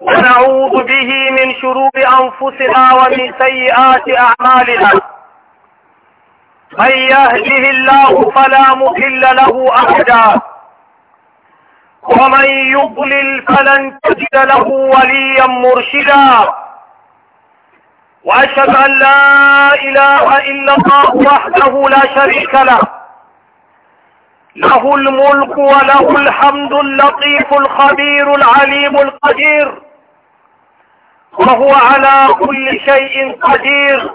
ونعوذ به من شرور أنفسنا ومن سيئات أعمالنا من يهده الله فلا مضل له أحدا ومن يضلل فلن تجد له وليا مرشدا وأشهد أن لا إله إلا الله وحده لا شريك له له الملك وله الحمد اللطيف الخبير العليم القدير وهو على كل شيء قدير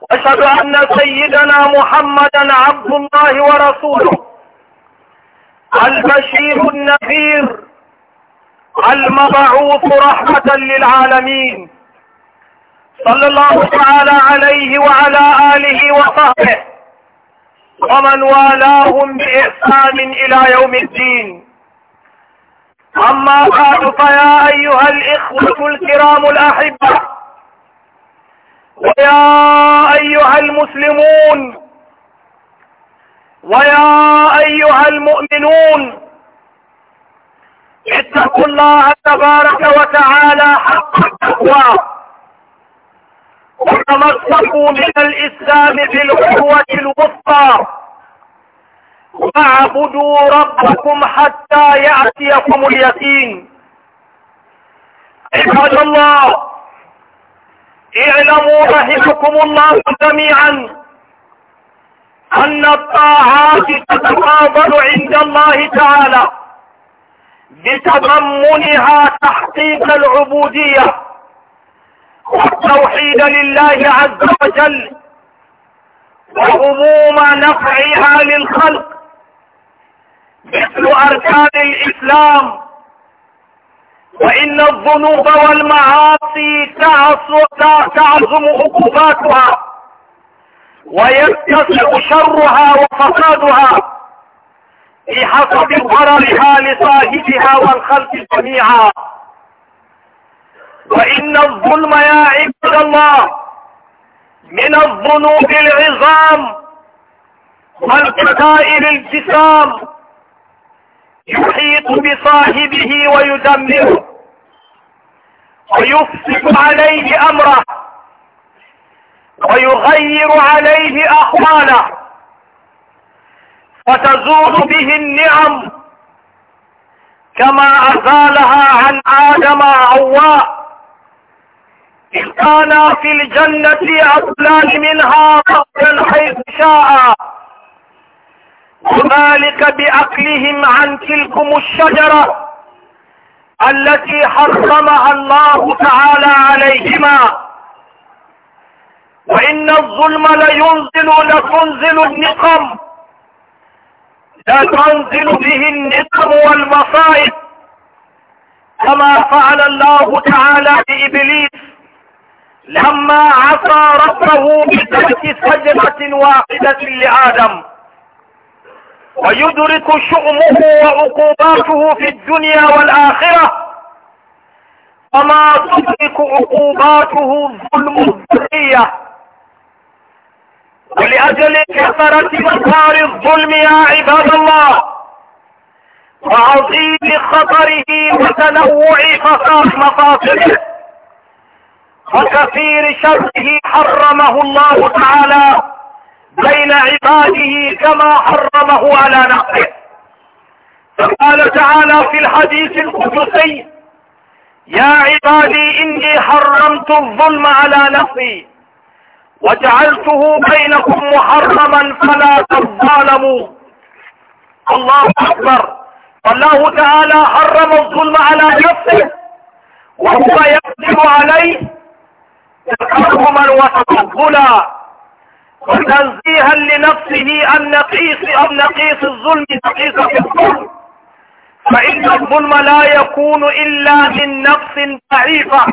واشهد ان سيدنا محمدا عبد الله ورسوله البشير النذير المبعوث رحمة للعالمين صلى الله تعالى عليه وعلى آله وصحبه ومن والاهم بإحسان إلى يوم الدين أما بعد فيا أيها الإخوة الكرام الأحبة ويا أيها المسلمون ويا أيها المؤمنون اتقوا الله تبارك وتعالى حق التقوى وتمسكوا من الإسلام بالقوة الوسطى واعبدوا ربكم حتى يأتيكم اليقين عباد الله اعلموا رحمكم الله جميعا ان الطاعات تتقابل عند الله تعالى بتضمنها تحقيق العبودية والتوحيد لله عز وجل وعموم نفعها للخلق مثل أركان الإسلام وإن الذنوب والمعاصي تعظم عقوباتها ويتسع شرها وفسادها بحسب ضررها لصاحبها والخلق جميعا وإن الظلم يا عباد الله من الذنوب العظام والكبائر الجسام يحيط بصاحبه ويدمره ويفسد عليه امره ويغير عليه احواله فتزول به النعم كما ازالها عن ادم عواء إذ كانا في الجنة أطلال منها قبلا حيث شاء هنالك باكلهم عن تلكم الشجرة التي حرمها الله تعالى عليهما وان الظلم لينزل لتنزل النقم لتنزل به النقم والمصائب كما فعل الله تعالى بابليس لما عصى ربه بترك شجرة واحدة لآدم ويدرك شؤمه وعقوباته في الدنيا والآخرة وما تدرك عقوباته الظلم الذرية ولأجل كثرة مسار الظلم يا عباد الله وعظيم خطره وتنوع مفاصله وكثير شره حرمه الله تعالى بين عباده كما حرمه على نفسه فقال تعالى في الحديث القدسي يا عبادي إني حرمت الظلم على نفسي وجعلته بينكم محرما فلا تظالموا الله أكبر الله تعالى حرم الظلم على نفسه وهو يقدم عليه تكرما وتفضلا وتنزيها لنفسه ان نقيص ام نقيص الظلم نقيص الظلم فإن الظلم لا يكون إلا من نفس ضعيفة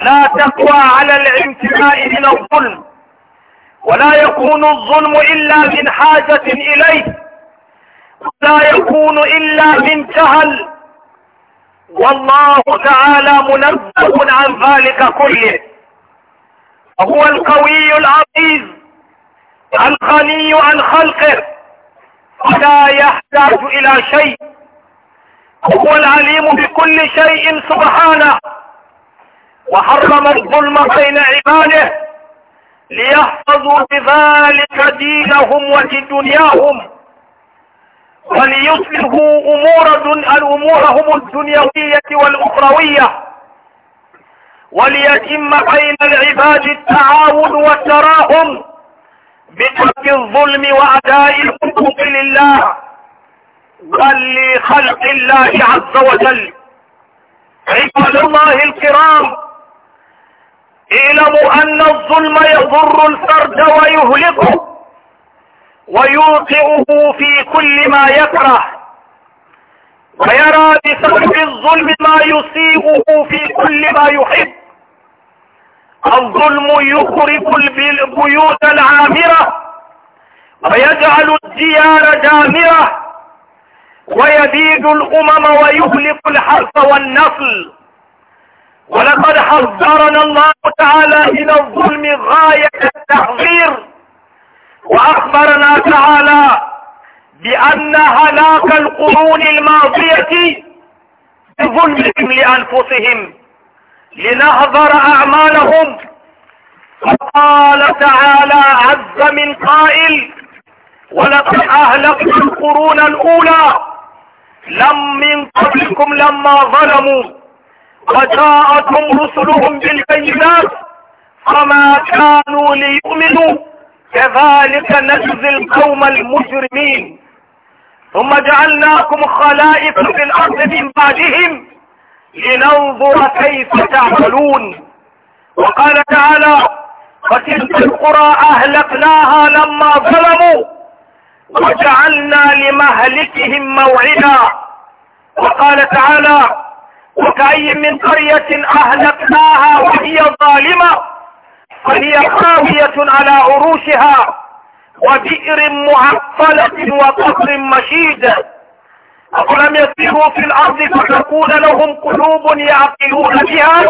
لا تقوى على الانتماء من الظلم ولا يكون الظلم إلا من حاجة إليه ولا يكون إلا من جهل والله تعالى منزه عن ذلك كله وهو القوي العزيز الغني عن خلقه ولا يحتاج إلى شيء هو العليم بكل شيء سبحانه وحرم الظلم بين عباده ليحفظوا بذلك دينهم ودنياهم وليصلحوا أمور أمورهم الدنيوية والأخروية وليتم بين العباد التعاون والتراهم بترك الظلم وأداء الحقوق لله ولخلق الله عز وجل عباد الله الكرام اعلموا أن الظلم يضر الفرد ويهلكه ويوقعه في كل ما يكره ويرى بسبب الظلم ما يسيئه في كل ما يحب الظلم يخرق البيوت العامرة ويجعل الديار دامرة ويبيد الأمم ويهلك الحرث والنسل ولقد حذرنا الله تعالى إلى الظلم غاية التحذير وأخبرنا تعالى بأن هلاك القرون الماضية بظلمهم لأنفسهم لنحضر اعمالهم فقال تعالى عز من قائل ولقد اهلكنا القرون الاولى لم من قبلكم لما ظلموا وجاءتهم رسلهم بالبينات فما كانوا ليؤمنوا كذلك نجزي القوم المجرمين ثم جعلناكم خلائف في الارض من بعدهم لننظر كيف تعملون وقال تعالى فتلك القرى اهلكناها لما ظلموا وجعلنا لمهلكهم موعدا وقال تعالى وكأي من قرية اهلكناها وهي ظالمة فهي خاوية على عروشها وبئر معطلة وقصر مشيد أولم يسيروا في الأرض فتكون لهم قلوب يعقلون بها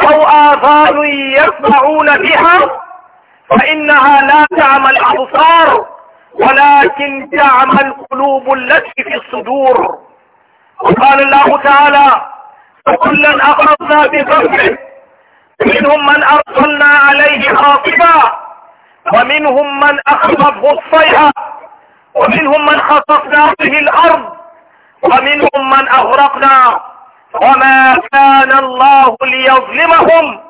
أو آذان يسمعون بها فإنها لا تعمى الأبصار ولكن تعمى القلوب التي في الصدور وقال الله تعالى فكلا أخذنا بذنبه منهم من أرسلنا عليه خاطبا ومنهم من أخذته الصيحة ومنهم من خصفنا به الأرض ومنهم من أغرقنا وما كان الله ليظلمهم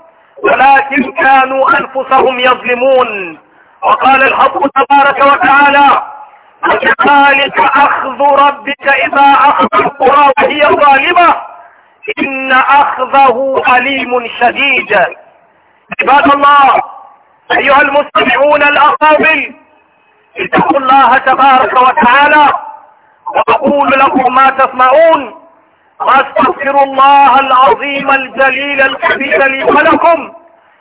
ولكن كانوا أنفسهم يظلمون وقال الحق تبارك وتعالى وكذلك أخذ ربك إذا أخذ القرى وهي ظالمة إن أخذه أليم شديد عباد الله أيها المستمعون الأقابل اتقوا الله تبارك وتعالى وأقول لكم ما تسمعون واستغفر الله العظيم الجليل الكبير لي ولكم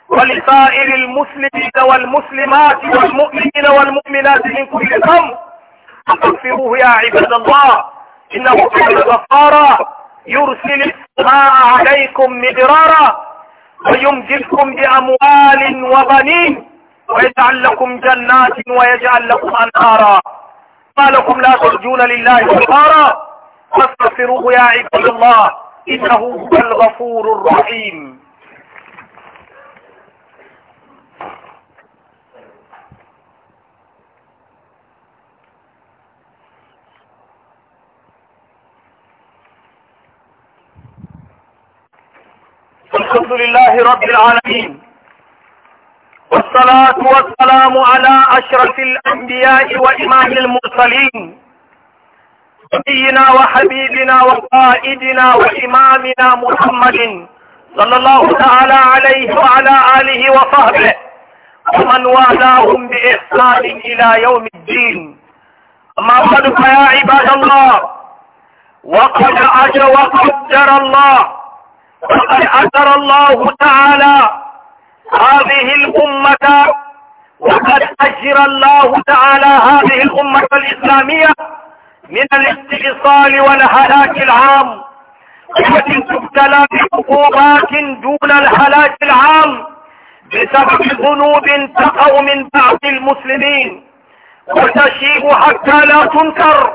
ولسائر المسلمين والمسلمات والمؤمنين والمؤمنات من كل ذنب فاستغفروه يا عباد الله انه كان غفارا يرسل السماء عليكم مدرارا ويمجدكم باموال وبنين ويجعل لكم جنات ويجعل لكم أنهارا ما لكم لا ترجون لله كفارا فاستغفروه يا عباد الله إنه هو الغفور الرحيم الحمد لله رب العالمين والصلاة والسلام على أشرف الأنبياء وإمام المرسلين نبينا وحبيبنا وقائدنا وإمامنا محمد صلى الله تعالى عليه وعلى آله وصحبه ومن والاهم بإحسان إلى يوم الدين أما بعد فيا عباد الله وقد أجر وقدر الله وقد أجر الله تعالى هذه الأمة وقد أجر الله تعالى هذه الأمة الإسلامية من الاستئصال والهلاك العام التي تبتلى بعقوبات دون الهلاك العام بسبب ذنوب تقع من بعض المسلمين وتشيب حتى لا تنكر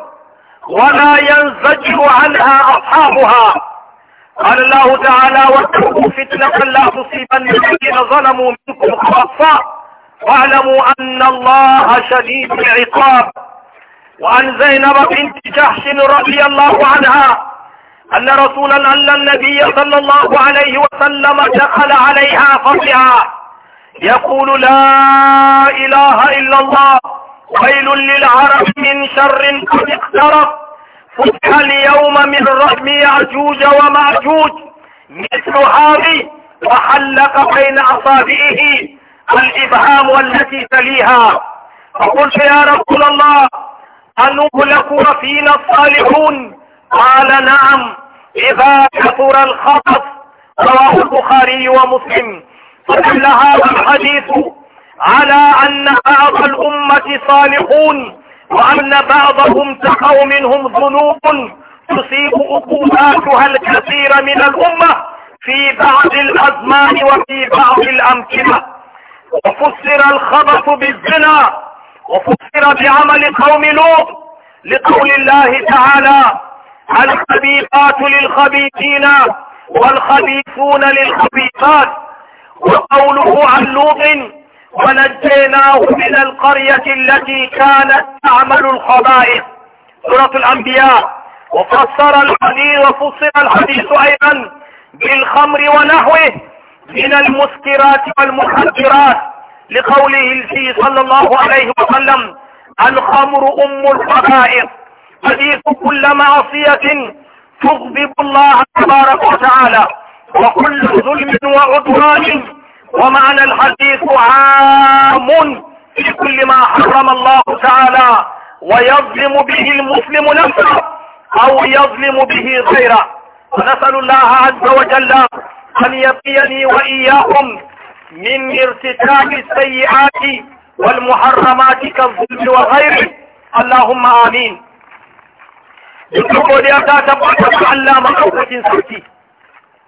ولا ينزجر عنها أصحابها قال الله تعالى واتقوا فتنة لا تصيبن الذين ظلموا منكم خاصة واعلموا أن الله شديد العقاب وعن زينب بنت جحش رضي الله عنها أن رسولا أن النبي صلى الله عليه وسلم دخل عليها فضلها يقول لا إله إلا الله ويل للعرب من شر قد اقترب فتح اليوم من رحم يعجوج ومعجوج مثل هذه وحلق بين أصابعه الإبهام التي تليها فقلت يا رسول الله أنغلق وفينا الصالحون قال نعم إذا كثر الخطف رواه البخاري ومسلم فدل هذا الحديث على أن بعض الأمة صالحون وأن بعضهم تقوا منهم ذنوب تصيب أقواتها الكثير من الأمة في بعض الأزمان وفي بعض الأمكنة وفسر الخبث بالزنا وفسر بعمل قوم لوط لقول الله تعالى الخبيثات للخبيثين والخبيثون للخبيثات وقوله عن لوط ونجيناه من القرية التي كانت تعمل الخبائث سورة الأنبياء وفسر الحديث وفسر الحديث أيضا بالخمر ونحوه من المسكرات والمخدرات لقوله الفي صلى الله عليه وسلم الخمر أم الخبائث حديث كل معصية تغضب الله تبارك وتعالى وكل ظلم وعدوان ومعنى الحديث عام في كل ما حرم الله تعالى ويظلم به المسلم نفسه او يظلم به غيره ونسأل الله عز وجل ان يقيني واياكم من ارتكاب السيئات والمحرمات كالظلم وغيره اللهم امين يقول يا ta tabbata ga Allah maɗaukakin sarki,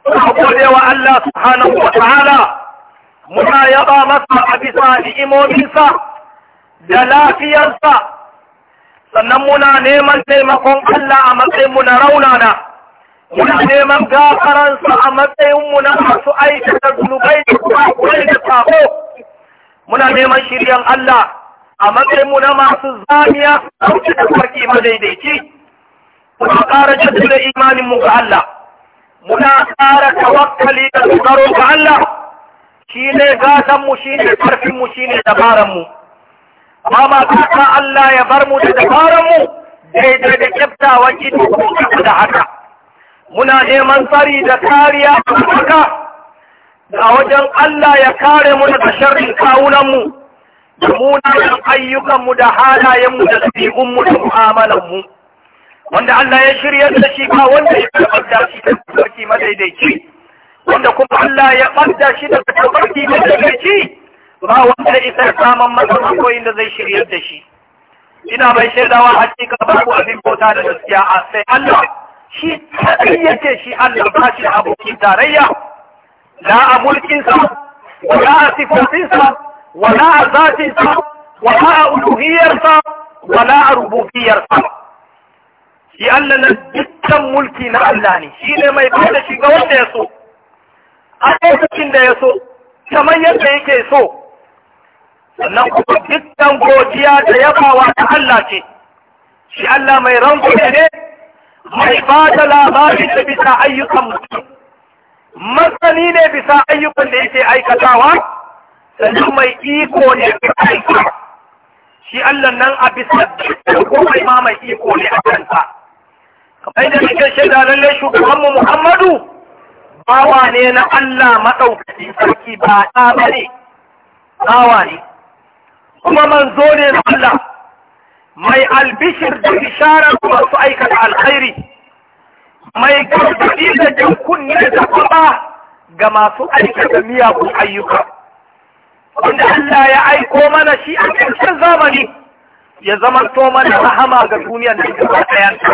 ta muna yaba masa a bisa ni'imominsa da lafiyarsa sannan muna neman taimakon Allah a matsayinmu na raunana muna neman gafaransa a matsayinmu na masu aikata zunubai da kuma kwai da sako muna neman shiryan Allah a matsayinmu na masu zamiya a wuce da farki madaidaici muna ƙara jaddada imaninmu ga Allah muna ƙara tawakkali da dogaro ga Allah shi ne mu shi ne ƙarfinmu shi ne dabaranmu ba ma Allah ya bar mu da dabaranmu daidai da kyaftawan ido da haka muna neman tsari da kariya da haka a wajen Allah ya kare mu daga sharrin kawunanmu da munanan ayyukanmu da halayenmu da ɗabi'unmu da mu'amalanmu wanda Allah ya shirya da shi ba wanda ya karɓar da shi da sarki madaidaici wanda kuma Allah ya ɓanta shi daga tafarki da take ci ba wanda isa samun masa makoyin inda zai shirya da shi ina mai shaidawa ba ku abin bauta da gaskiya a sai Allah shi kadai yake shi Allah ba shi abokin tarayya la a mulkinsa wala a sifofinsa na a zatinsa na a uluhiyarsa na a rububiyarsa shi Allah na dukkan mulki na Allah ne shi ne mai bada shiga wanda ya so a lokacin da ya so kamar yadda yake so sannan kuma dukkan godiya da yabawa ta Allah ce shi Allah mai rangume ne mai ba da labarin da bisa ayyukan mutum Matsani ne bisa ayyukan da yake aikatawa sannan mai iko ne a aika shi Allah nan a bisa komai ma mai iko ne a kanta. kamar da nake shaida lallai shugabanmu Muhammadu bawa ne na Allah maɗaukaki sarki ba ɗa ba ne bawa ne kuma manzo ne na Allah mai albishir da bisharar masu aikata alkhairi mai gargaɗi da jan da kuma ga masu aikata miyagun ayyuka wanda Allah ya aiko mana shi a cikin zamani ya zama to mana rahama ga duniyar da gaba ɗayanta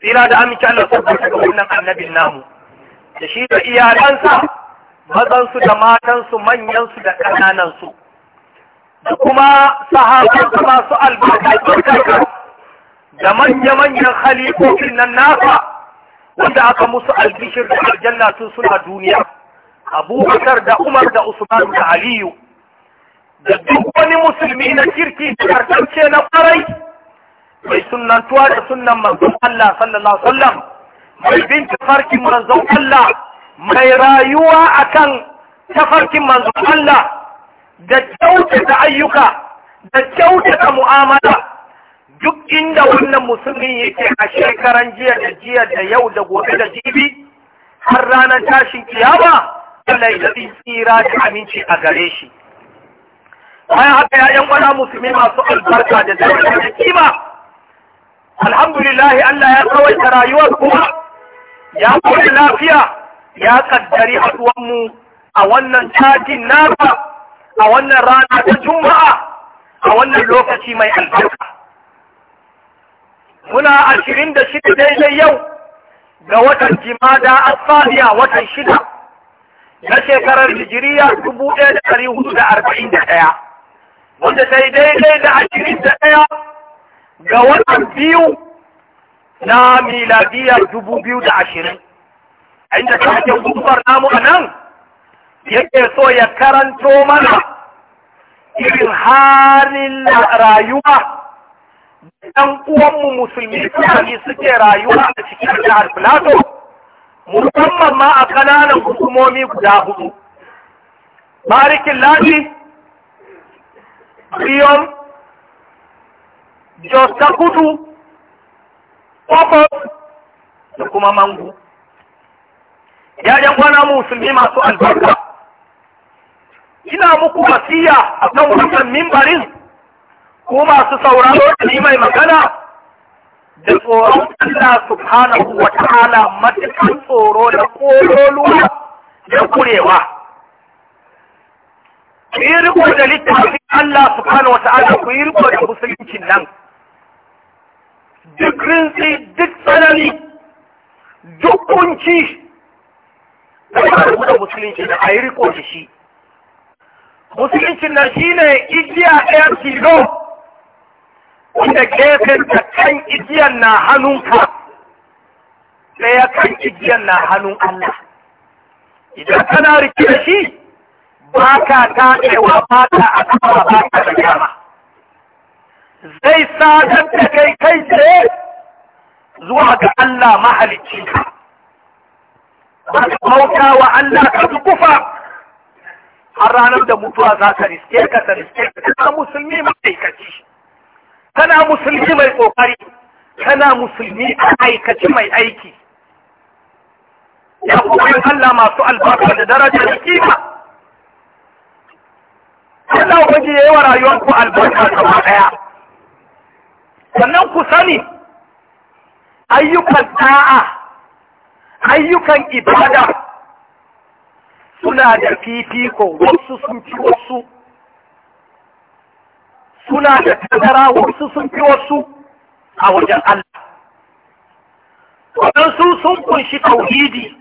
tsira da amince Allah sabbata ga wannan annabin namu da shi da iyalansa mazansu da matansu manyansu da ƙananansu da kuma sahabansu masu albarkar da manya-manyan halifofin nan nasa wanda aka musu albishir da aljanna tun suna duniya abubakar da umar da usman da aliyu da duk wani musulmi na kirki da karkance na kwarai mai sunantuwa da sunan manzon Allah sallallahu alaihi wasallam mai bin tafarkin manzon Allah mai rayuwa akan tafarkin manzon Allah da kyautata ayyuka da kyautata mu'amala duk inda wannan musulmin yake a shekaran jiya da jiya da yau da gobe da jibi har ranar tashin kiyama Allah ya tsira da aminci a gare shi bayan haka ya yan kwana musulmi masu albarka da daraja da kima alhamdulillah Allah ya kawaita rayuwar kuma ya kuma lafiya ya kaddari haɗuwanmu a wannan cajin nasa a wannan rana ta juma'a a wannan lokaci mai albarka muna ashirin da shida daidai yau ga watan jimada asfaliya watan shida na shekarar hijiriya dubu da hudu da arba'in da ɗaya wanda ta yi daidai da ashirin da ɗaya ga watan biyu na miladiyar dubu biyu da ashirin inda taken gudunar namu a nan yake so ya karanto mana irin halin rayuwa ɗan uwanmu musulmi fulani suke rayuwa a cikin jihar filato musamman ma a kananan hukumomi guda hudu barikin ladi riyon jos ta kudu kwakwas da kuma mangu ‘ya'yan kwana musulmi masu albarka ina muku wasiya a kan wannan mimbarin ko masu sauraro da mai magana da tsoron Allah subhanahu wa ta'ala matukan tsoro da kololuwa da kurewa. Ku yi riko da littafin Allah subhanahu wa ta'ala ku yi riko da musulunci nan. duk rintsi duk tsanani duk kunci da ba da musulunci da a yi riko da shi musuluncin na shi ne igiya ɗaya tilo wanda gefen da kan igiyan na hannunka ɗaya kan igiyan na hannun Allah idan kana rike da shi ba ka taɗewa ba ta a ba ka da gama zai sadar da kai kai tsaye zuwa ga Allah mahalicci ka bauta wa Allah ka kufa har ranar da mutuwa za ka riske ka ta riske ka kana musulmi ma'aikaci kana musulmi mai ƙoƙari. kana musulmi a aikaci mai aiki ya kokarin Allah masu albarka da daraja da kima Allah wajen yayi wa ku albarka gaba daya sannan ku sani ayyukan ta'a ayyukan ibada suna da fifiko wasu sun fi wasu suna da tazara wasu sun fi wasu a wajen Allah waɗansu sun kunshi tauhidi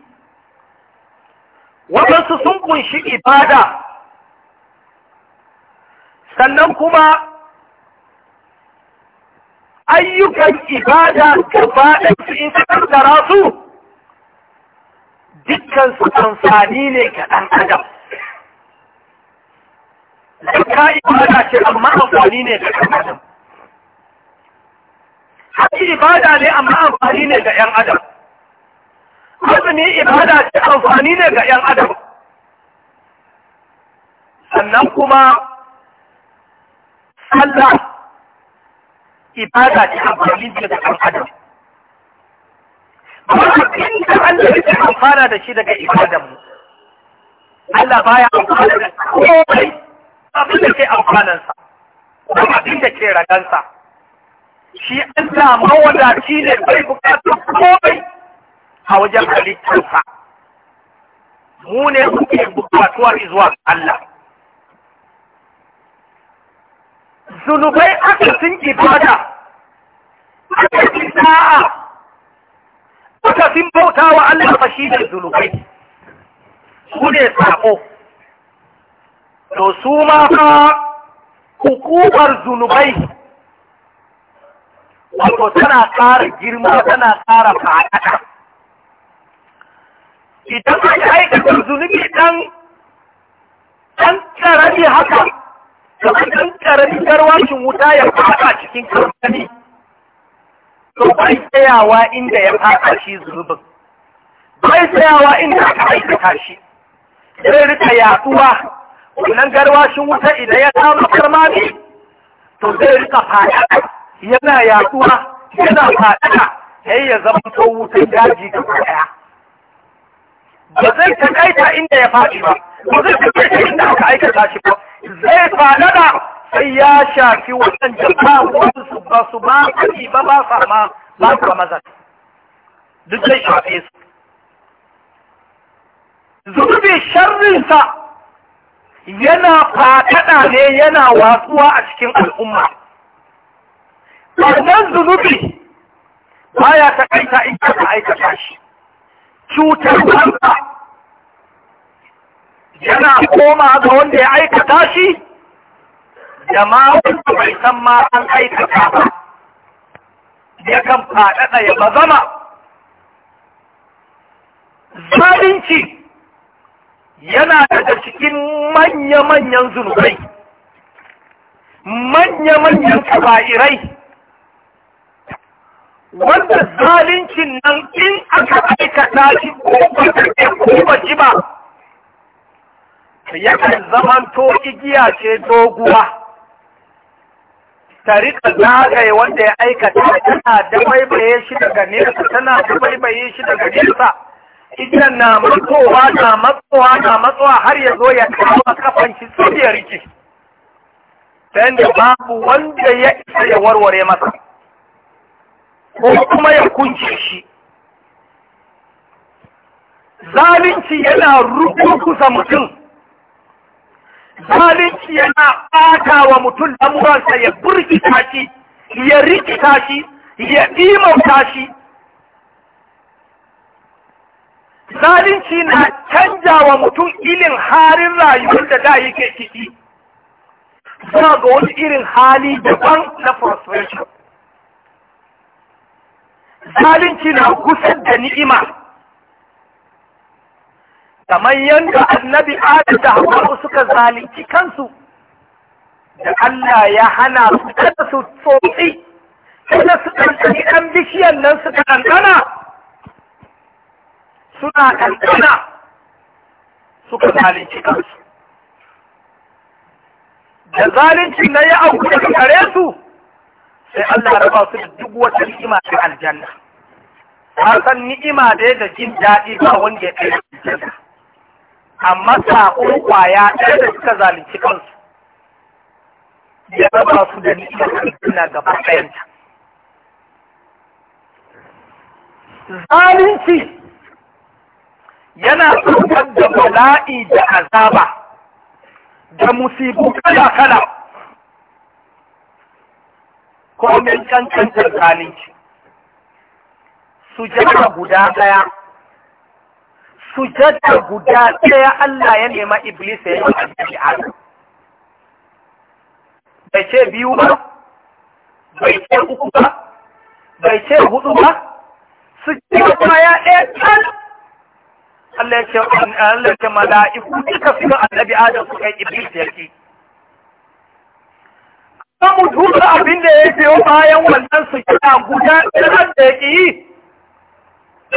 waɗansu sun kunshi ibada sannan kuma ayyukan ibada gaba da su in kaddara su dukkan su amfani ne ga ɗan adam zakka ibada ce amma amfani ne ga ɗan adam haƙi ibada ne amma amfani ne ga ‘yan adam azumi ibada ce amfani ne ga ‘yan adam sannan kuma sallah ibada ce amfani daga ga ɗan adam abin da Allah ya amfana da shi daga ibadan mu Allah baya amfana da komai abin da ke amfanansa ko abin da ke ragansa shi Allah shi ne bai bukatar komai a wajen halittarsa mu ne muke bukatuwar zuwa Allah zunubai aka sun ibada aka sa'a aka fi bauta wa Allah ba shi ne zunubai su ne sako to su ma fa hukumar zunubai wato tana ƙara girma tana ƙara fa'ada idan aka aikata zunubi ɗan ɗan ƙarami haka kamar ɗan ƙaramin garwashin wuta ya fada cikin karkani to bai tsayawa inda ya fada shi zunubin bai tsayawa inda aka aikata shi zai rika yaduwa wannan garwashin wuta idan ya kama karmami to zai rika fada yana yaduwa yana fada sai ya zama wutan daji gaba ɗaya ba zai takaita inda ya faɗi ba ba zai takaita inda aka aikata shi ba zai faɗaɗa sai ya shafi wannan jama'a wasu ba su ba ba ba sa ma ba su ba maza duk zai shafe su zunubi sharrinsa yana faɗaɗa ne yana watsuwa a cikin al'umma wannan zunubi baya takaita inda aka aikata shi cutar kansa yana koma ga wanda ya aikata shi da ma wanda bai san ma an aikata ba yakan faɗaɗa ya bazama zalunci yana daga cikin manya-manyan zunubai manya-manyan kaba'irai wanda zalincin nan in aka aikata shi ko ba ke kuma ji ba yakan zamanto igiya ce doguwa ta rika zagaye wanda ya aikata tana dabaibaye shi daga nesa tana dabaibaye shi daga nesa idan na matsowa na matsowa na matsowa har ya zo ya kama kafan shi sai riki. rike ta babu wanda ya isa ya warware masa ko kuma ya kunce shi zalunci yana rukukusa mutum zalunci yana ɓata wa mutum lamuransa ya burkita shi ya rikita shi ya imauta shi zalunci na canja wa mutum ilin harin rayuwar da da yake ciki suna ga wani irin hali daban na frustration zalunci na gusar da ni'ima kamar yadda annabi adam da hawa suka zalunci kansu da Allah ya hana su kada su tsotsi kada su ɗanɗani ɗan bishiyar nan suka ɗanɗana suna ɗanɗana suka zalunci kansu da zalunci na ya auku daga gare su sai Allah raba su da duk wata ni'ima aljanna ka san ni'ima da da jin daɗi ba wanda ya kai aljanna amma saƙon kwaya ɗaya da suka zalunci kansu ya raba su da ni'imar aljanna gaba ɗayanta zalunci yana saukar da bala'i da azaba da musibu kala-kala Komin min kankantar zalunci sujada guda ɗaya sujada guda ɗaya Allah ya nema Iblis ya yi annabi Adam bai ce biyu ba bai ce uku ba bai ce hudu ba sujada kuma ya ɗaya tan Allah ya ce mala'iku duka suka annabi Adam suka Iblis ya ce Samu duka abin da ya biyo bayan wannan su kira guda ɗan da ya ƙi yi,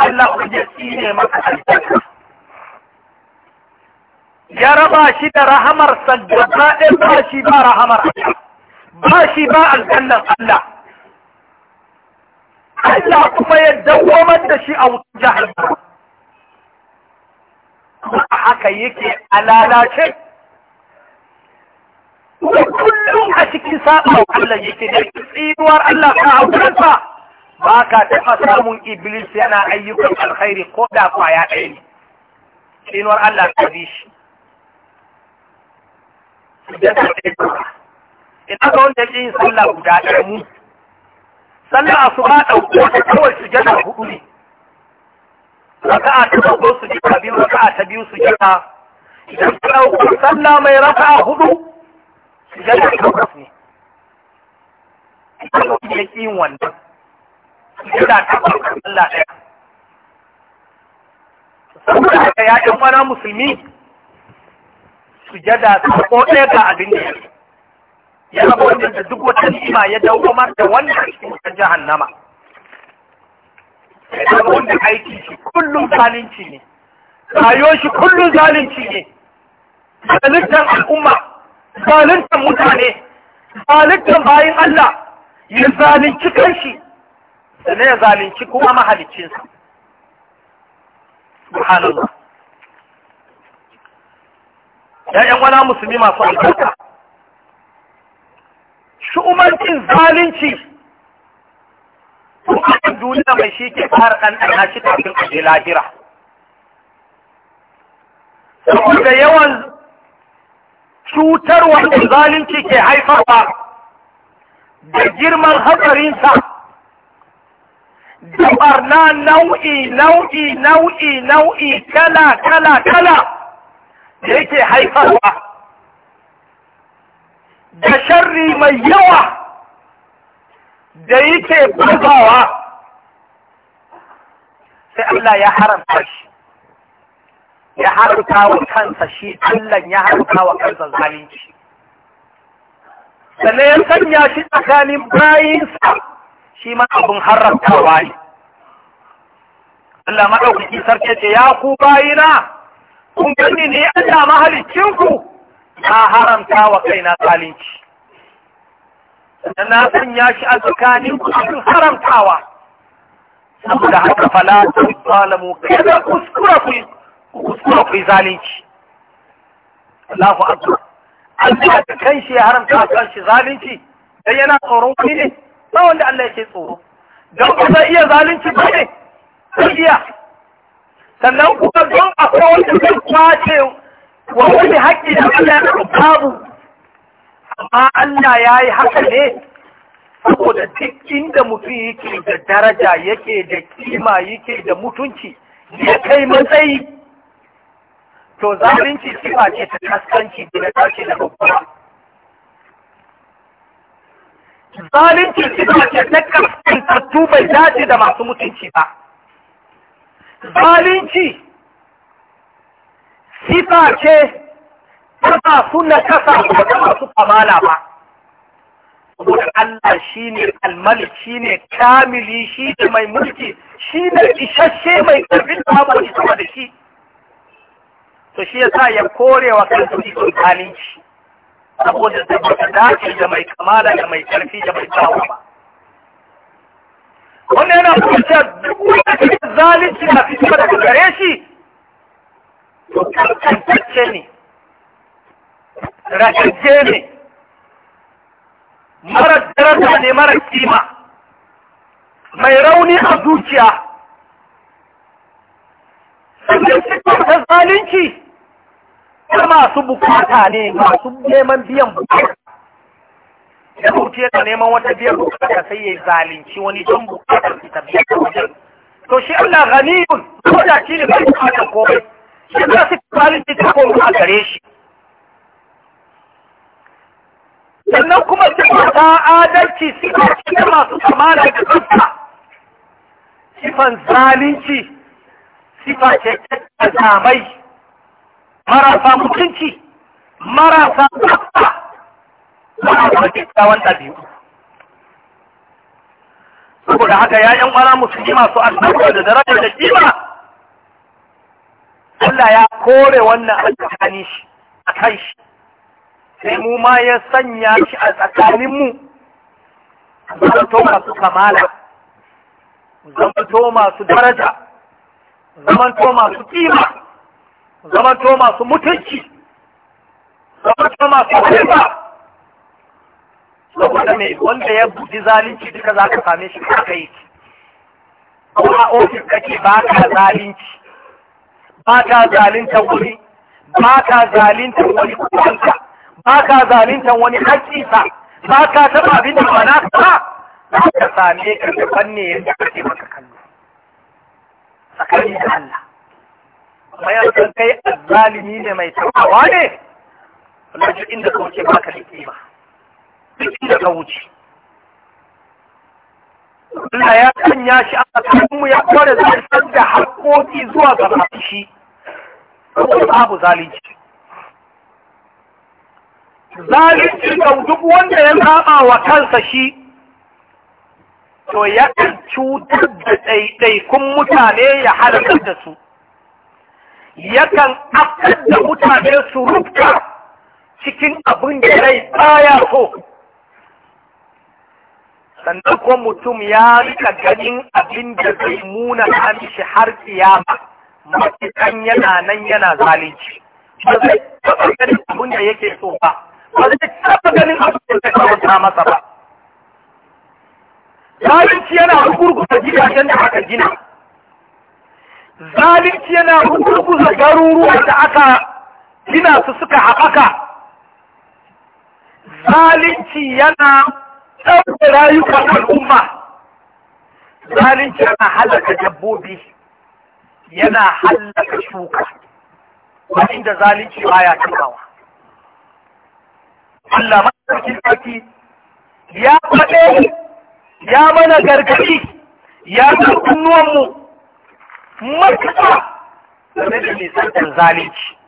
Allah ya tsine maka albarka. Ya raba shi da rahamarsa gaba ɗaya ba shi ba rahamar ba shi ba aljannan Allah. Allah kuma ya dawwamar da shi a wutar jahannama. Kuma haka yake alalace. Kullum tun a cikin saɓa Allah yake da tsinuwar Allah ka haukansa ba ka taɓa samun Iblis yana ayyukan alkhairi ko da kwaya ɗaya ne. Tsinuwar Allah ta bi shi. In aka wanda yake yin sallah guda ɗaya mu. Sallah a su ba ɗauko ta kawai su jana hudu ne. Raka'a ta ɗauko su jana biyu, raka'a ta biyu su jana. Idan ka ɗauko sallah mai raka'a hudu, jalla tabbas ne Allah ya ki yin wannan jalla tabbas Allah ɗaya saboda haka ya ɗan wani musulmi sujada ko ɗaya ga abin da yake ya wajen da duk wata nima ya dawamar da wanda cikin wutar jahannama ya zama wanda aiki shi kullum zalunci ne rayo shi kullum zalunci ne Da zaluntar al'umma zaluntar mutane zaluntar bayan Allah ya zalunci kanshi sannan ya zalunci kuma mahalicinsa subhanallah ‘Ya'yan wana musulmi masu albarka, shu'umancin zalunci a duniya mai shi ke fara ɗanɗana shi kafin a je lahira. Saboda yawan cutarwa da zalunci ke haifarwa da girman hatsarinsa da ɓarna nau'i nau'i nau'i nau'i kala kala kala da yake haifarwa da sharri mai yawa da yake bugawa sai Allah ya haramta shi ya haruka wa kansa shi Allah ya haruka wa kansa zalunci sannan ya sanya shi tsakanin bayinsa shi ma abin harrakawa ne Allah maɗaukaki sarki ce ya ku bayina kun gani ne Allah ku. na haramta wa kaina zalunci sannan na sanya shi a tsakanin abin haramtawa saboda haka fala ta zalamu kada kuskura ku yi kuskure ku yi zalunci Allahu akbar Allah da kanshi ya haramta a shi zalunci dan yana tsoron wani ne ba wanda Allah yake tsoro dan ku zai iya zalunci ba ne Ku iya sannan ga don akwai wanda zai kwace wa wani haƙƙi da Allah ya babu amma Allah ya yi haka ne saboda duk inda mutum yake da daraja yake da kima yake da mutunci ya kai matsayi to zalunci sifa ce ta kaskanci da tashi da babba zalunci sifa ce ta kaskantattu bai dace da masu mutunci ba zalunci sifa ce ta masu nakasa ba ta masu kamala ba Wani Allah shi ne almalik shi ne kamili shi ne mai mulki shi ne isasshe mai karfin da shi to shi ya sa ya kore wa kansa cikin zalunci saboda da ba dace da mai kamala da mai karfi da mai tawa ba wannan yana kuma duk wanda ke zalunci na fitowa daga gare shi to kankantacce ne rakacce ne mara daraja ne mara kima mai rauni a zuciya sannan cikin da zalunci ta masu bukata ne masu neman biyan bukata ya ta neman wata biyan bukata sai ya zalunci wani don bukatar ta biyan wajen to shi Allah gani ko da shi ne bai bukatar komai shi za su zalunci ta komai a gare shi sannan kuma su ta adalci sifa ce masu kamala da tsafta sifan zalunci sifa ce ta zamai marasa mutunci marasa tsafta marasa kyakkyawan ɗabi'u saboda haka ya yan musu yi masu albarka da daraja da kima Allah ya kore wannan a shi a kan shi sai mu ma ya sanya shi a tsakanin mu zanto masu kamala zanto masu daraja zamanto masu kima zamanto masu mutunci zamanto masu haifa saboda mai wanda ya buɗi zalunci duka za ka same shi ka kai ko a ofis kake ba ka zalunci ba ka zalunta wuri ba ka zalunta wani kuɗanka ba ka zalunta wani haƙƙinsa ba ka taɓa abin da ba na ba za ka same ka da fanne yadda ce maka kallo tsakanin da Allah bayan san kai zalimi ne mai tsawa ne Allah ji inda ka wuce ba ka da kima duk inda ka wuce Allah ya sanya shi a mu ya kware zartar da hakoki zuwa ga shi saboda babu zalunci zalunci ga duk wanda ya saba wa kansa shi to ya cutar da ɗaiɗaikun mutane ya halakar da su yakan afkar da mutane su rufta cikin abin da rai baya so sannan kuma mutum ya rika ganin abin da zai muna mishi har kiyama matukan yana nan yana zalunci ba zai taɓa ganin abin da yake so ba ba zai taɓa ganin abin da zai kawo masa ba zalunci yana gurgurta gidajen da aka gina Zalinci yana rukurkuza garuruwa da aka gina su suka haɓaka Zalinci yana ɗauke rayukan al'umma Zalinci yana halaka dabbobi yana halaka shuka wani da ba baya cikawa Allah mafi sarki ya faɗe ya mana gargaɗi ya ga kunnuwanmu matuƙa game da nisantar zalici,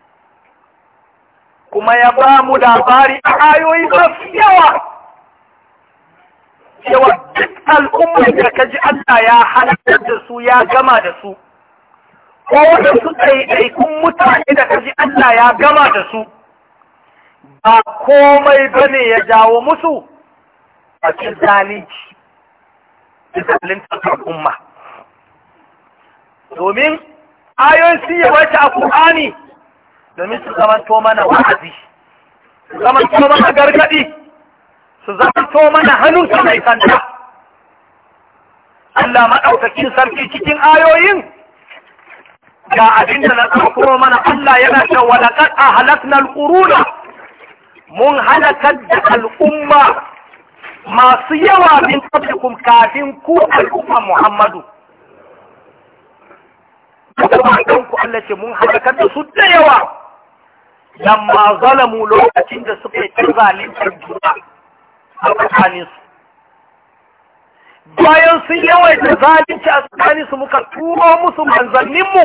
kuma ya ba mu labari a ayoyi masu yawa cewa duk al'ummar da ka ji Allah ya halatta da su ya gama da su ko da su ɗaiɗaikun mutane da ka ji Allah ya gama da su ba komai ba ne ya jawo musu a cikin zalici da zaluntar al'umma domin ayoyin sun wata a Kur'ani domin su zamanto mana wa'azi su zamanto mana gargaɗi su zamanto mana hannun su mai sanda Allah maɗaukakin sarki cikin ayoyin ga abin da na tsakuro mana Allah yana ta walakar a halaknar al'uruna mun halakar da al'umma masu yawa bin kafin ku al'umma Muhammadu. gabaɗan ku Allah ce mun halakar da su da yawa lamma zalamu lokacin da suka yi zalintar juna a tsakanin bayan sun yawaita zalunci a tsakaninsu, muka turo musu manzanninmu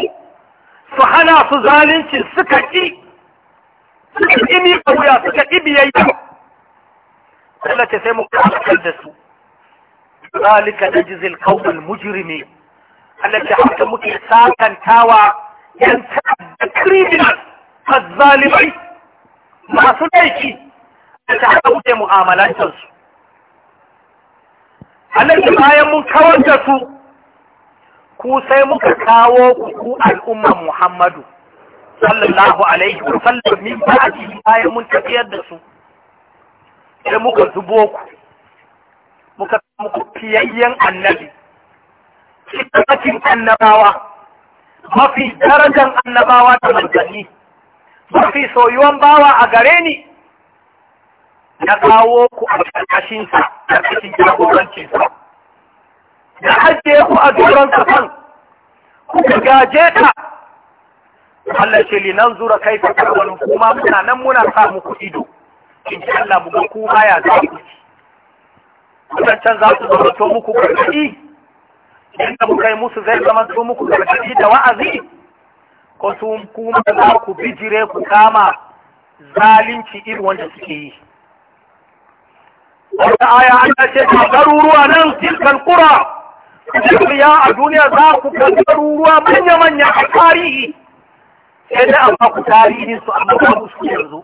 su hana su zalunci suka ƙi suka ƙi ni wuya suka ƙi biyayya Allah ce sai muka halakar da su ذلك نجزي القوم المجرمين alladda haka muke sakantawa yan da criminal fazzalibai masu laifi da ta haka muke mu'amalantar su bayan mun kawar da su ku sai muka kawo ku al'ummar Muhammadu sallallahu alaihi wa sallam min ba'di bayan mun tafiyar da su sai muka zubo ku muka muku fiyayyen annabi cikin annabawa mafi darajan annabawa da manzanni mafi soyuwan bawa a gare ni na kawo ku a ƙarƙashinsa a cikin jagorancinsa da ajiye ku a doron kafan Ku gaje ta Allah ce nan zura kai fata wani kuma muna nan muna sa muku ido in ji Allah mu kuma ya za ku ci. can za ku zama muku gargaɗi in muka kai musu zai zama su muku gargaɗi da wa'azi ko su kuma za ku bijire ku kama zalunci irin wanda suke yi wata aya Allah ce ta garuruwa nan tilkal Ku ya a duniya za ku ga garuruwa manya-manya a tarihi, sai da amma ku tarihin su amma ba su yanzu,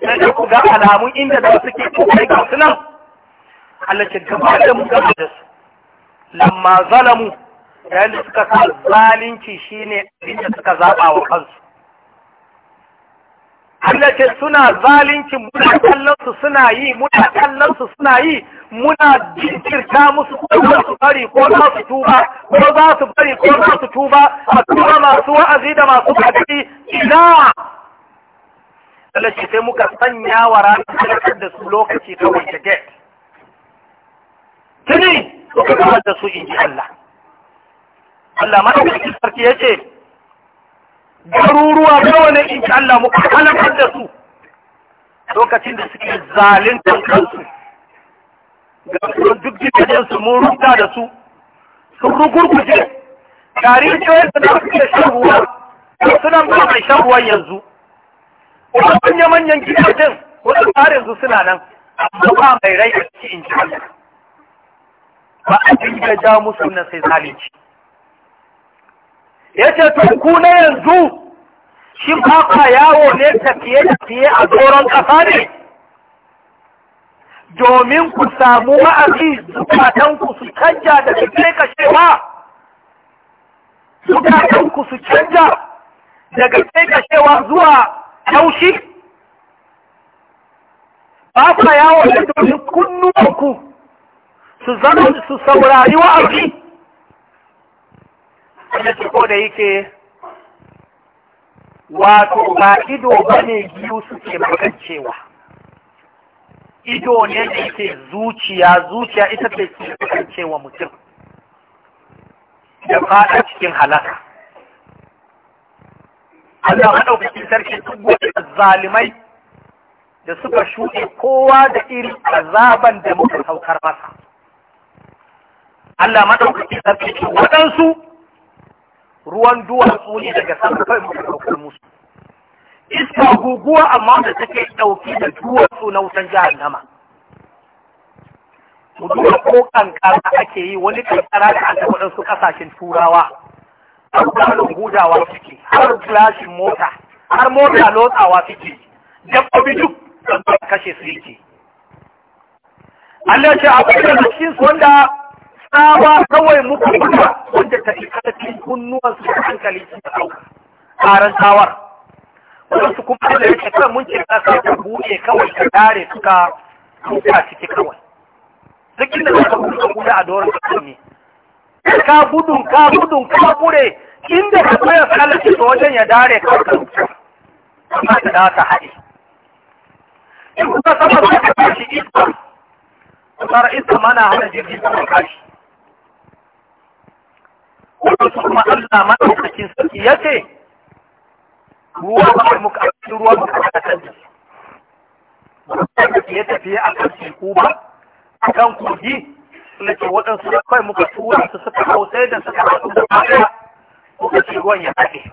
sai da ku ga alamun inda da suke kokai ga su nan, Allah ce gaba da mu gaba da su. lamma zalamu yayin da suka sa zalunci shi shine inda suka zaɓa wa kansu Allah ce suna zalunci muna kallonsu suna yi muna kallonsu suna yi muna jinkirta musu ko za su bari ko za su tuba ko za su bari ko za su tuba a tuba masu wa'azi da masu kaɗi ina Allah ce sai muka sanya wa ranar da su lokaci kawai da get. Tini! ka kawar da su in ji Allah Allah ma ɗaukakin sarki ya ce garuruwa nawa ne in ji Allah muka halakar da su lokacin da suke zalintar kansu ga duk gidajen su mun rubuta da su sun rugurguje gari jiyoyin da suke shan ruwa suna ba mai shan ruwan yanzu wasu manya-manyan gidajen wasu har yanzu suna nan amma ba mai rai a cikin in ji Allah ba abin da ja musu nan sai zalici ya ce to na yanzu shi ba yawo ne tafiye-tafiye a tsoron ƙasa ne domin ku samu ma'azi zukatanku su canja da kashe kashewa zukatanku su canja daga fitai kashewa zuwa taushi ba yawo ne domin kunnuwanku su zama su saurari wa'azi wanda ke ko da yake wato ba ido ba ne biyu suke magancewa ido ne da yake zuciya zuciya ita ce ke magancewa mutum da fada cikin halaka Allah maɗaukacin sarki gobe wani zalimai da suka shuɗe kowa da iri azaban da muka saukar masa. Allah madaukaki sarki ce waɗansu ruwan duwatsu ne daga sama kai ɗaukar musu iska guguwa amma da take ɗauki da duwatsu na wutan jihar Nama. mu duba ko ƙanƙara ake yi wani ƙanƙara da an waɗansu ƙasashen turawa Har kwanon gudawa suke har gilashin mota har mota lotsawa suke dabbobi duk kashe su yake Allah ce a da cikin wanda tsawa kawai muku kuma wanda ta isa cikin kunnuwan su da hankali su da ɗauka ƙaran tsawar su kuma da yake kan mun ce ƙasa ta buɗe kawai ka ƙare suka tuka ciki kawai duk inda za ka buɗe kuma a doron ka ne ka gudun ka gudun ka bure inda ka tsaya ki ta wajen ya dare ka ka amma ta da ta haɗe in kuka saba ka tashi iska tsara iska mana hana jirgin sama kashi wasu kuma Allah maɗaukakin sarki ya ce ruwa ba mu ƙarfi ruwa ba ka kan ya tafiye a kan teku ba a kan kogi suna ce waɗansu ya kai muka tura su suka hau sai da suka haɗu da ɗaya muka ce ruwan ya haɗe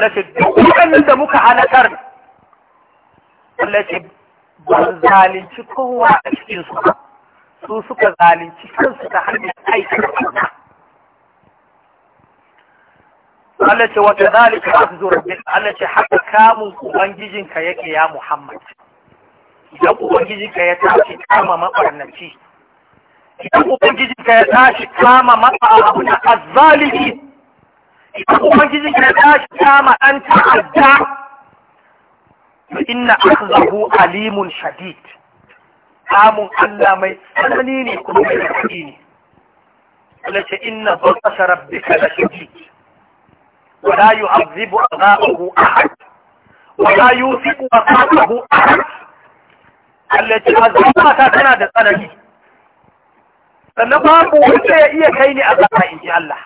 na ce duk waɗannan da muka halakar na ce ba zalunci kowa a cikinsu ba su suka zalunci kansu da hanyar aikata Allah wata zalika akhzu rabbik Allah ce haka kamun ubangijinka yake ya Muhammad idan ubangijinka ya tashi kama mabarnaci idan ubangijinka ya tashi kama mabarnaci azzalimi idan ubangijinka ya tashi kama an ta'adda inna akhzahu alimun shadid kamun Allah mai tsanani ne kuma mai ce inna baqasha rabbika la shadid ولا يعذب عذابه أحد ولا يوثق وثاقه أحد التي عذابها تنا da tsanani sannan babu wanda ya iya kai ni a zaka in ji Allah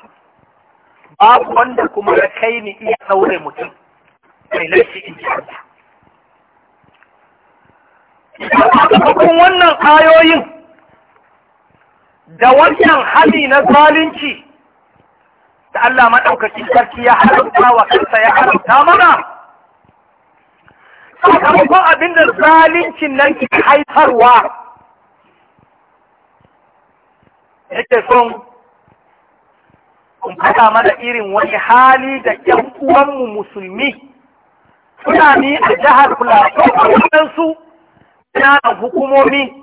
babu wanda kuma ya kai ni iya saure mutum mai laifi in ji Allah cikin wannan ayoyin da wannan hali na zalunci da Allah maɗaukacin sarki ya haramta wa kansa ya haramta mana sakamakon abin da zalincin nan ke haifarwa yake son in faɗa mana irin wani hali da ‘yan uwanmu musulmi suna ni a jihar Filato a waɗansu hukumomi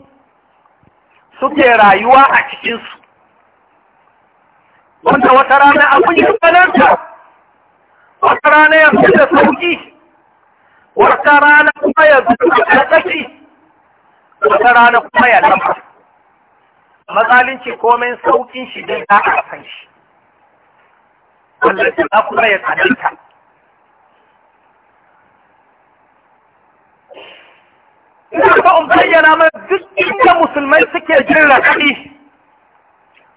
suke rayuwa a cikinsu. wanda wata rana abin ya tsananta wata rana ya fi da sauki wata rana kuma ya zuwa a tsaki wata rana kuma ya lafa matsalinci komen saukin shi dai za a san shi wanda za kuma ya tsananta ina ba in yana mai duk inda musulmai suke jin raɗaɗi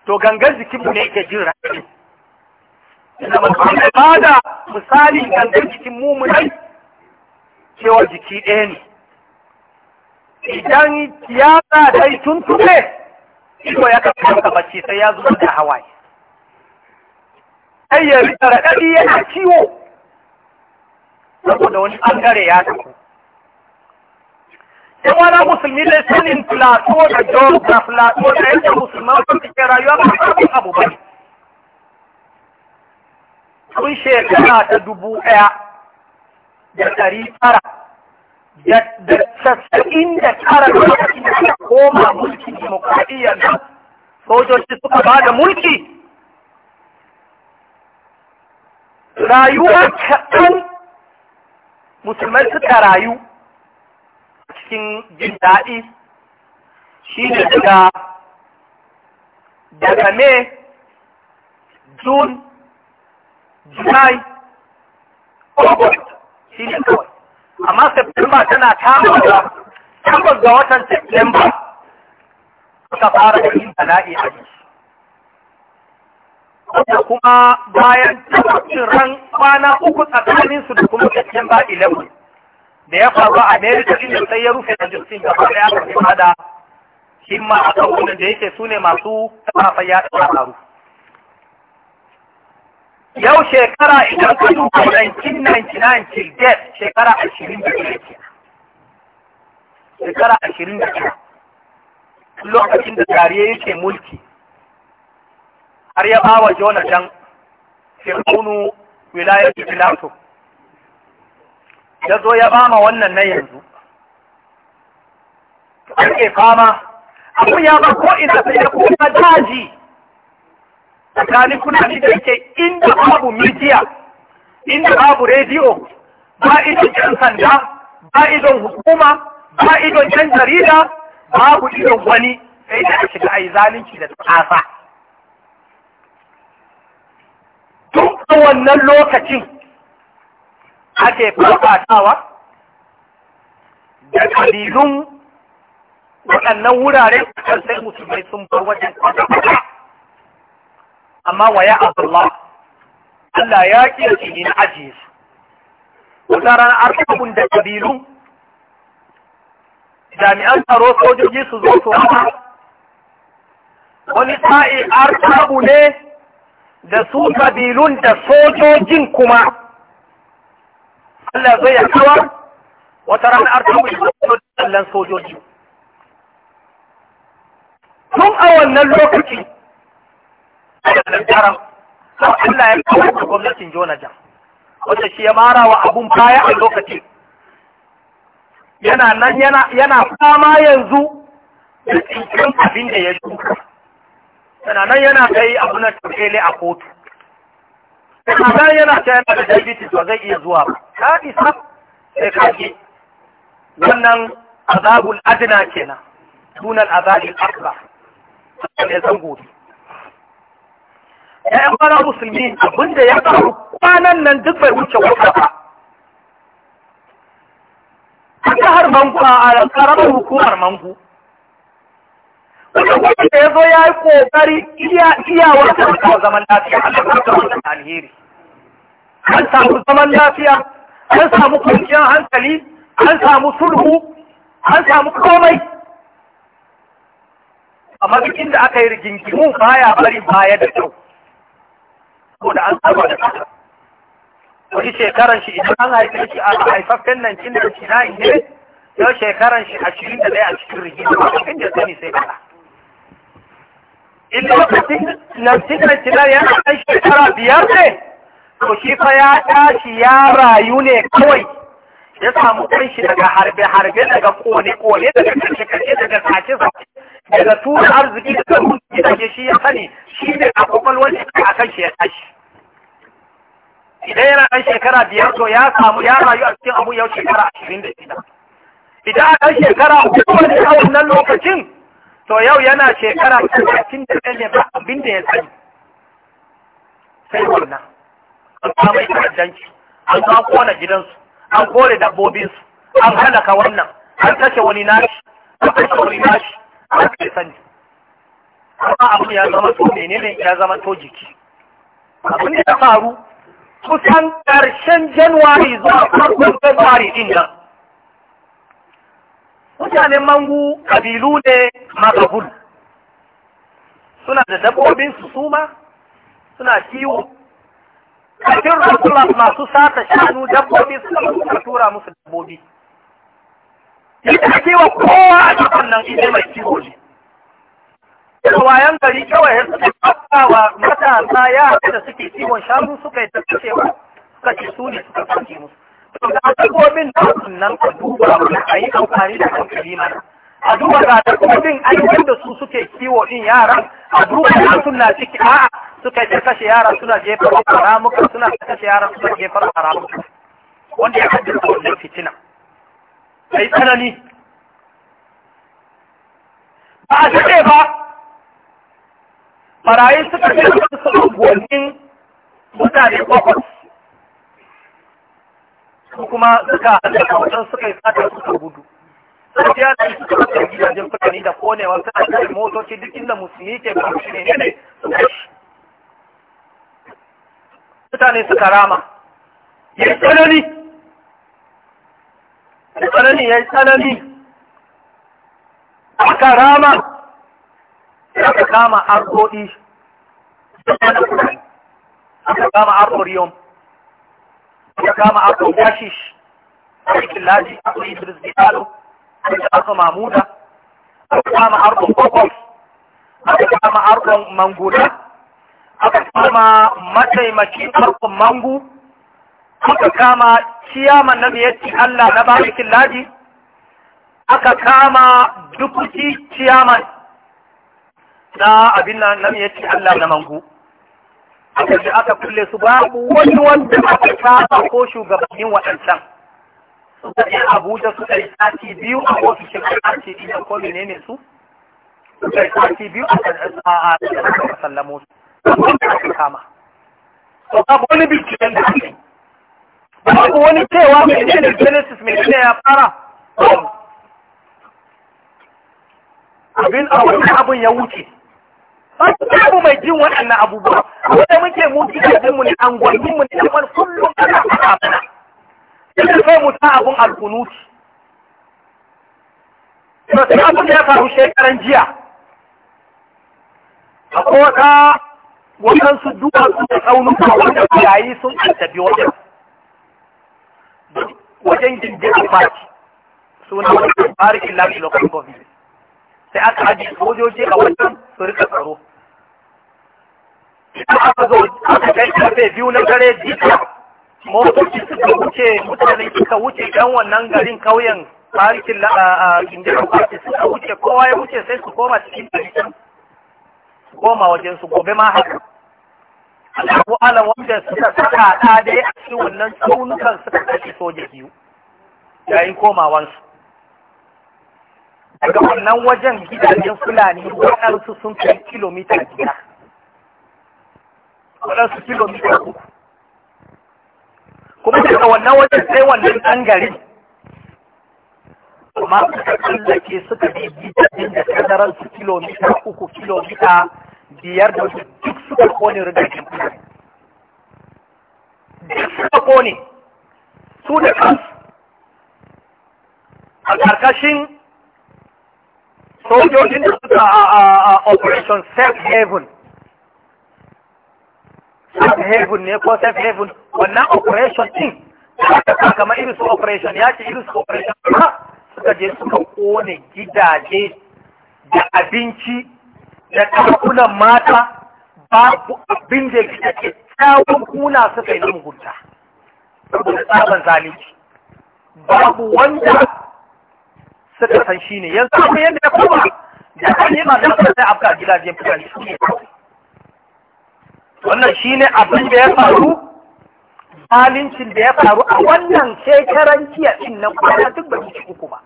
to gangan jikinmu ne yake jin raɗaɗi ba da misali gangan jikin mummunai cewa jiki ɗaya ne idan ya sa dai tuntube ido ya kafa maka sai ya zuwa da hawaye sai ya rika raɗaɗi yana ciwo saboda wani ɓangare ya tafi in wani musulmi dai sanin plato da jos da plato da yadda musulman sun rayuwa ba sabon abu ba ne tun shekara ta dubu ɗaya da ɗari tara da suka ba mulki rayuwa musulmai suka rayu cikin jin daɗi shi ne daga daga me june july august shi ne kawai amma september tana kama da takwas ga watan september suka fara da yin bala'i a jiki da kuma bayan tabbacin ran kwana uku tsakaninsu da kuma september 11 da ya faru a Amerika din da sai ya rufe da Justin da ya aka fi da himma a kan wannan da yake su ne masu kafa ya faru. yau shekara idan ka duba 1999 till death shekara 20 da shekara 20 ke lokacin da tarihi yake mulki har ya bawa Jonathan Fir'aunu wilayar Filato ya zo ya bama wannan na yanzu ake fama abu ya ba ko ina sai ya kuma daji tsakanin kuna ni da yake inda babu midiya inda babu rediyo ba idon yan sanda ba idon hukuma ba idon yan jarida babu idon wani sai da shiga ayi zalunci da tsafa Duk a wannan lokacin ake fafatawa da kabilun waɗannan wurare kan sai musulmai sun bar wajen kwata amma wa ya Allah Allah ya iya jini na ajiye su wata ranar da kabilun jami'an tsaro sojoji su zo su wani sa'i arzikin ne da su kabilun da sojojin kuma Allah zai ya kawo wata ranar artabu da tsallan sojoji tun a wannan lokaci da lantaran har Allah ya kawo gwamnatin Jonajan wanda shi ya mara wa abun baya a lokaci yana nan yana fama yanzu da tsinkin abin da ya shuka yana nan yana kai abunan tafele a kotu idan yana ta yana da diabetes ba zai iya zuwa ba ta isa sai ka ji wannan azabul adna kenan sunan azabil akbar sai ya san gobe ‘Ya'yan fara musulmi abinda ya faru kwanan nan duk bai wuce wata ba. A jihar Mangu a karamar hukumar Mangu. Wata wanda ya zo ya yi ƙoƙari iya iya wata zaman lafiya a cikin alheri. an samu zaman lafiya an samu kwanciyar hankali an samu sulhu an samu komai amma duk inda aka yi rigingimu baya bari baya da kyau ko da an saba da kyau wani shekaran shi idan an haife shi a haifafen nan cin da shi na ne yau shekaran shi ashirin da ɗaya a cikin rigima cikin da zani sai kada in lokacin nan cikin cinar yana kai shekara biyar ne to shi fa ya tashi ya rayu ne kawai ya samu kanshi daga harbe-harbe daga kone-kone daga kashe-kashe daga sace-sace daga tura arziki da kan da shi ya sani shi ne a kwakwalwar shi a kan shi ya tashi idan yana ɗan shekara biyar to ya samu ya rayu a cikin abu yau shekara ashirin da shida idan a ɗan shekara uku ne a wannan lokacin to yau yana shekara talatin da ɗaya ba abin da ya sani sai wannan an kama ta'addanci an ka kona gidansu an kore dabbobinsu an halaka wannan an kashe wani nashi an kashe wani nashi an kashe sani amma abin ya zama to menene ya zama to jiki abin da ya faru kusan ƙarshen januwari zuwa farkon februari din nan mutanen mangu kabilu ne magabul suna da dabbobin su suma suna kiwo kafin rasula masu sata shanu dabbobi suka tura musu dabbobi yadda ake wa kowa a cikin nan ide mai kiwo ne wayan gari kawai ya suke wa matasa ya da suke kiwon shanu suka yi ta kashewa suka ci su ne suka kashe musu to dabbobin nan nan ka duba a yi amfani da hankali mana a duba ratar kuma din yi da su suke kiwo din yaran a duba da suna ciki a'a suka je kashe yaran suna jefar a ramuka suna kashe yaran suna jefar a ramuka wanda ya haddasa wannan fitina yi tsanani ba a daɗe ba marayi suka ce su su gwanin mutane kwakwas su kuma suka haddasa wajen suka yi sata suka gudu gaskiya da su kuma gidajen fulani da konewar sa da motoci duk inda musulmi ke ba shi ne ne mutane suka rama ya yi tsanani tsanani ya yi tsanani aka rama ka kama arzoɗi aka kama aroriyon aka kama arzoɗi gashish a cikin laji a cikin birnin aka kama mamuda aka kama arkon kokos aka kama arkon mangula aka kama mataimakin arkon mangu aka kama ciyama na biyarci Allah na barikin laji aka kama dukuti ciyama na abin nan na biyarci Allah na mangu aka ji aka kulle su babu wani wanda aka kama ko shugabannin waɗancan suka yi Abuja suka yi sati biyu a ofishin al'arci ɗin ko ne su suka yi sati biyu a sallamo su kama to babu wani binciken da ake babu wani cewa mai ne da genesis mai ne ya fara abin a wani abin ya wuce babu mai jin waɗannan abubuwa wanda muke da gidajenmu ne an gwaninmu ne kamar kullum ana fara mana ina so mu ta abun alkunuti to sai abin da ya faru shekaran jiya akwai wata wakansu duwatsu da tsaunuka wanda yayi sun addabi wajen wajen gindin faki suna wajen bari illa shi lokacin gobe sai aka haji sojoji a wajen su rika tsaro Ina aka zo aka kai kafe biyu na dare jiya motoci suka wuce mutane suka wuce dan wannan garin kauyen farikin a gindin farki suka wuce kowa ya wuce sai su koma cikin barikin su koma wajen su gobe ma haka Allahu ala wanda suka saka da dai a cikin wannan tsaunukan suka kashe soja biyu yayin komawansu daga wannan wajen gidajen fulani waɗansu sun kai kilomita biyar waɗansu kilomita uku kuma daga wannan wajen sai wannan ɗan gari kuma suka tsallake suka bi gidajen da kadaran su kilomita uku kilomita biyar da su duk suka kone rigakafin kuma duk suka kone su da kansu a ƙarƙashin sojojin da suka a operation safe haven safe haven ne ko safe haven wannan operation din aka ka kama irin su operation ya ce irin su operation ba suka je suka kone gidaje da abinci da ɗakunan mata babu abin da ya ke kyawun kuna suka yi na mugunta saboda tsaban zalunci babu wanda suka san shi ne yanzu kuma yadda ya kuma da kan yi masu da sai afka gidajen fitar shi ne wannan shi ne abin da ya faru halincin da ya faru a wannan shekaran jiya ɗin na kwana duk ba su uku ba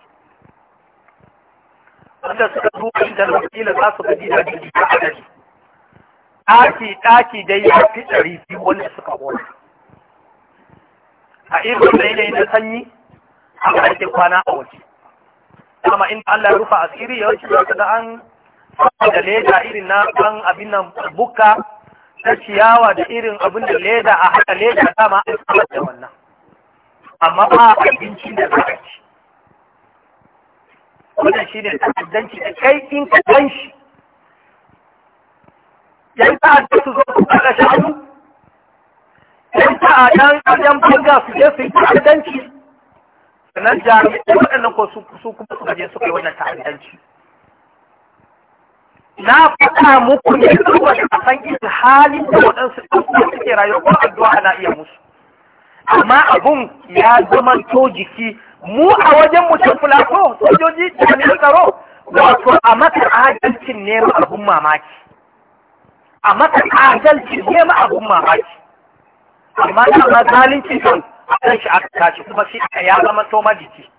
wanda suka duba da wakila za su gaji da jiki a adadi ɗaki ɗaki da ya fi ɗari biyu wanda suka gona a irin da yanayi na sanyi a ake kwana a waje Kama in Allah ya rufa asiri yawanci da su ga an da leda irin na ɗan abin nan bukka ta ciyawa da irin abin da leda a haka leda ma an samar da wannan amma ba abinci da za a ci wannan shi ne ta'addanci da kai in ka gan shi yan ta'adda su zo kuka da shanu yan ɗan yan banga su je su yi ta'addanci sannan jami'ai waɗannan ko su kuma su gaje su kai wannan ta'addanci na faɗa muku ne saboda a san isa halin da waɗansu da suke rayuwa ko addu'a na iya musu amma abun ya zama to jiki mu a wajen mutum ko sojoji jami'an tsaro wato a maka adalcin ne ma abun mamaki a maka adalcin ne ma abun mamaki amma ma zalunci son a kan shi aka tashi kuma shi ya zama to majiki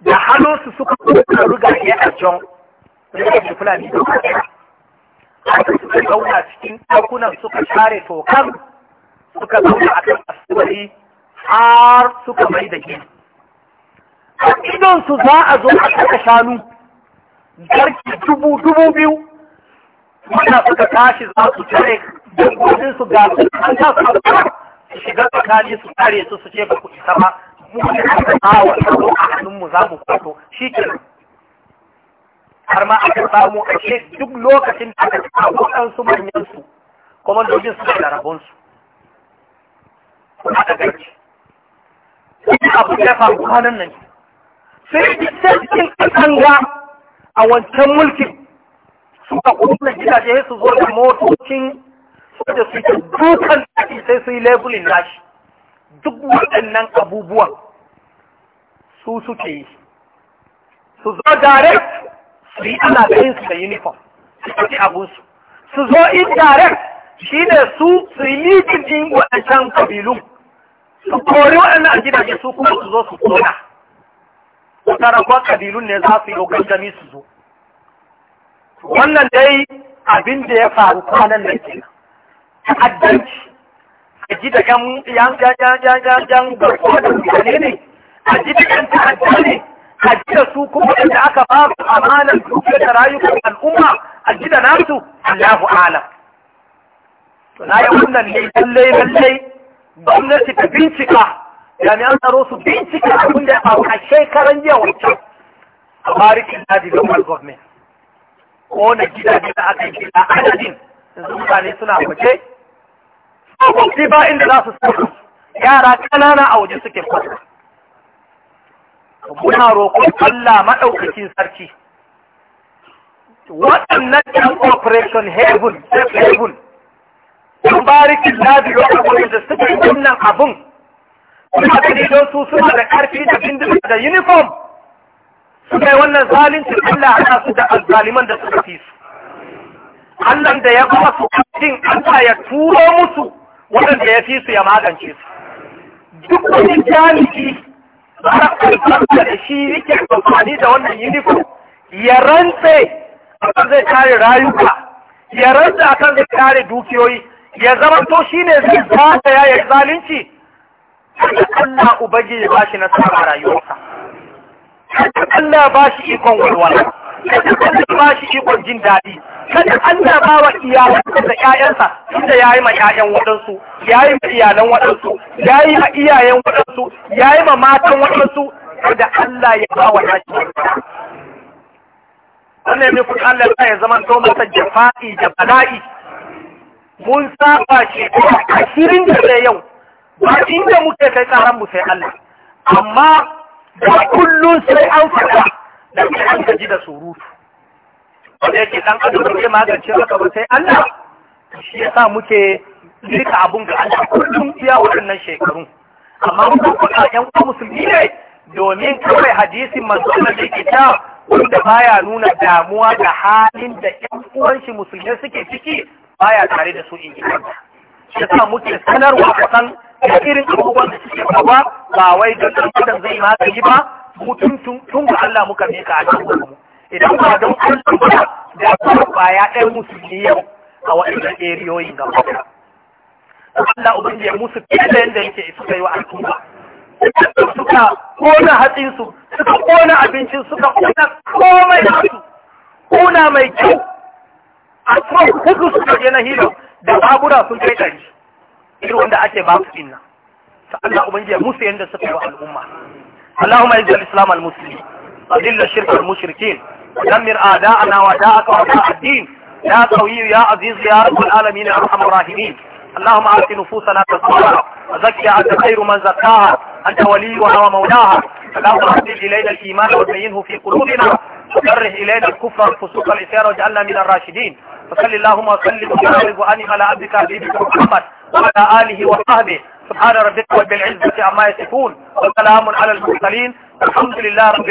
da hannunsu suka kuka ruga ya a da fulani aka suka zauna cikin ɗakunan suka share tokan suka zauna a kan asibari har suka mai da gini a idonsu za a zo a kaka shanu garki dubu dubu biyu wanda suka tashi za su tare dangogin su ga su an ta su su shiga tsakani su tare su su ce ba ku isa ba mu ne aka tsawa a mu za mu kwato shi kenan har ma aka samu a ce duk lokacin da aka kan su manyan su komandojin su da rabon su daga gaji wani abu ya faru kwanan nan sai da sarkin katanga a wancan mulkin suka kuma gidaje su zo da motocin da suke dukan tafi sai su yi labulin nashi duk waɗannan abubuwan su suke yi su zo direct su yi ana ɗayin su da uniform su tafi abinsu su zo indirect shi ne su su yi litin din waɗancan kabilu su kori waɗannan a gidaje su kuma su zo su kona tarakon kabilun ne za su yi gangami su zo wannan dai abin da ya faru kwanan nan kenan ta'addanci a ji da yan yan yan yan yan garkuwa da mutane ne a ji da yan ta'adda ne hajjiyar su kuma inda aka ba su amanar dukiya da rayukan al'umma a gida nasu Allahu alam to na yi wannan ne lalle lallai gwamnati ta bincika jami'an tsaro su bincika abin da ya faru a shekaran jiya wancan a barikin daji local government ko na gidaje da aka yi a adadin yanzu mutane suna waje tsofaffi ba inda za su sauka yara ƙanana a waje suke fata muna roƙon Allah maɗaukakin sarki waɗannan ɗan operation heaven safe heaven sun barikin labi waɗannan da suka yi wannan abin suna gani don su suna da ƙarfi da bindiga da uniform su wannan zalunci Allah ana su da alzaliman da suka fi su Allah da ya ba su Allah ya turo musu waɗanda ya fi su ya magance su duk wani jami'i da shi yake amfani da wannan uniform ya rantse akan zai kare rayuka ya rantse akan zai kare dukiyoyi ya zama to shi ne zai zata ya zalunci Allah ubangi ya bashi nasara rayuwarsa Allah ba shi ikon walwala kada Allah ba shi ikon jin daɗi kada Allah ba wa iyalansa da ƴaƴansa inda yi ma ƴaƴan waɗansu yi ma iyalan waɗansu yi ma iyayen waɗansu yi ma matan waɗansu da Allah ya ba wa nashi wannan ne kuma Allah ya zama to masa jafa'i da bala'i mun saba shi shirin da ne yau ba inda muke kai karan mu sai Allah amma da kullum sai an faɗa da ke an gaji da surutu wanda yake dan adam da ke magance maka ba sai Allah shi ya sa muke lika abun ga Allah kullum iya waɗannan shekarun amma mun kuɗa ƴan uwa musulmi ne domin kawai hadisin manzo Allah da yake ta wanda baya nuna damuwa da halin da ƴan uwan shi suke ciki baya tare da su in shi sa muke sanarwa kusan irin abubuwan da suke gaba ba wai don ɗan zai magani ba mutum tun ga Allah muka mika a cikin mu idan ba don Allah ba da ba kwaya ɗaya musu yau a waɗannan eriyoyin gaba ɗaya Allah ubangiji ya musu kallon da yake suka yi wa al'umma suka kona hatsinsu suka kona abincin suka kona komai da su kona mai kyau a kuma hudu suka je na hilo da babura sun kai ɗari irin wanda ake ba su inna sa Allah ubangiji ya musu yadda suka yi wa al'umma اللهم اجعل الاسلام المسلمين اذل الشرك والمشركين ودمر اعداءنا واعداءك واعداء الدين يا قوي يا عزيز يا رب العالمين يا ارحم الراحمين اللهم اعط نفوسنا تقواها وزكي انت خير من زكاها انت وليها ومولاها اللهم اهدد الينا الايمان وزينه في قلوبنا وكره الينا الكفر والفسوق والعصيان واجعلنا من الراشدين وصل اللهم وسلم وبارك وانعم على عبدك حبيبك محمد وعلى اله وصحبه سبحان ربك وبالعزة العزة عما يصفون وسلام على المرسلين الحمد لله رب